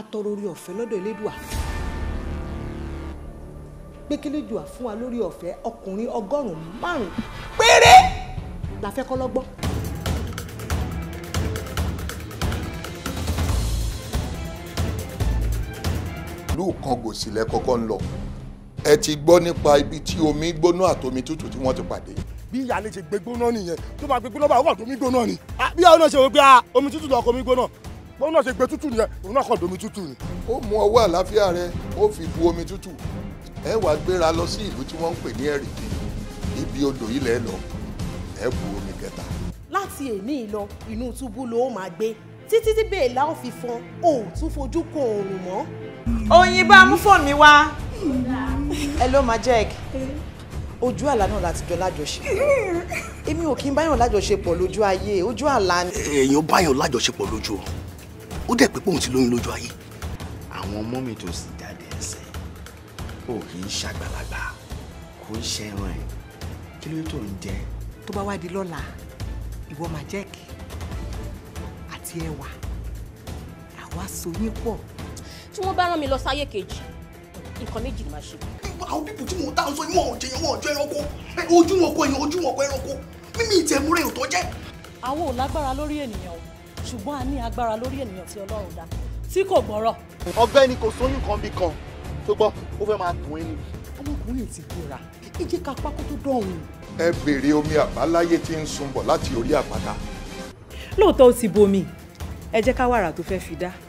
atọrọ orí ọ̀fẹ́ lọ́dọ̀ elédùà pé kélédùà fún wa lórí ọ̀fẹ́ ọkùnrin ọgọ́rùn márùn péré la fẹ́ kọ́lọ́gbọ́n. ìlú kan gòsìlẹ̀ kọ́kọ́ ń lọ ẹ ti gbọ́ nípa ibi tí omi gbóná àtomi tútù tí wọ́n ti pàdé bí ìyá ṣe gbégbóná nìyẹn tó bá gbégbóná bá wà tó gbóná ni. Ah, bí àwọn náà ṣe wò pé ah, omi tútù lọkọ mi gbóná bọ́n náà ṣe gbé tútù nìyẹn òun náà kàn domi tútù ni. ó mú ọwọ́ àlàáfíà rẹ ó fi bu omi tútù ẹ wàá gbéra lọ sí ìlú tí wọ́n ń pè ní ẹ̀rìkì ibi odò ilẹ̀ lọ ẹ bu omi kẹta. láti èní lọ inú túbú ló máa gbé títí tí bèèlà ò fi fọn ò tún fojú kan òòrùn mọ́. oyin bá mú fóònù mi wá. ẹ ló máa jẹ́ ẹ̀kì ojú àlá náà láti jọ lájọṣe èmi ò kí n báyọ̀ lájọṣepọ̀ lójú ayé ojú àlá ni. èèyàn báyọ̀ lájọṣepọ̀ lójú ọ̀run ó dẹ̀ pé pòun ti lóyún lójú ayé. àwọn ọmọ mi tó sì jáde ẹsẹ̀ ò kì í ṣàgbàlagbà kò ń ṣẹran ẹ̀ kí ló tó ń jẹ. tó bá wá di lọ́la ìwọ màjẹ́ẹ̀kì àti ẹwà àwa so yín pọ̀. tí wọ́n bá rán mi lọ sáyé kejì nǹkan méjì ni màá ṣe. àwọn bíbù tí mò ń dáhùn sọ yín wọn ò jẹyàn wọn ò jẹ ẹranko ojú wọn kọ èèyàn ojú wọn kọ ẹranko mímí ìtẹ̀múrẹ́ ò tọ́jẹ́. àwọn ò lágbára lórí ènìyàn o ṣùgbọ́n a ní agbára lórí ènìyàn tí Ọlọ́run dá tí kò gbọ́rọ̀. ọ̀gbẹ́ni kò sóyún kan bí kan tó gbọ́ ó fẹ́ máa tún ẹni. ọmọkùnrin ti gbéra ẹ ká pákó tó dọ̀hún. ẹ béèrè omi àbáláyé tí ń sunbọ̀ láti orí àpáta. lóòótọ́ ó ti bomi ẹ jẹ́ ká wàrà tó fẹ́ fi dá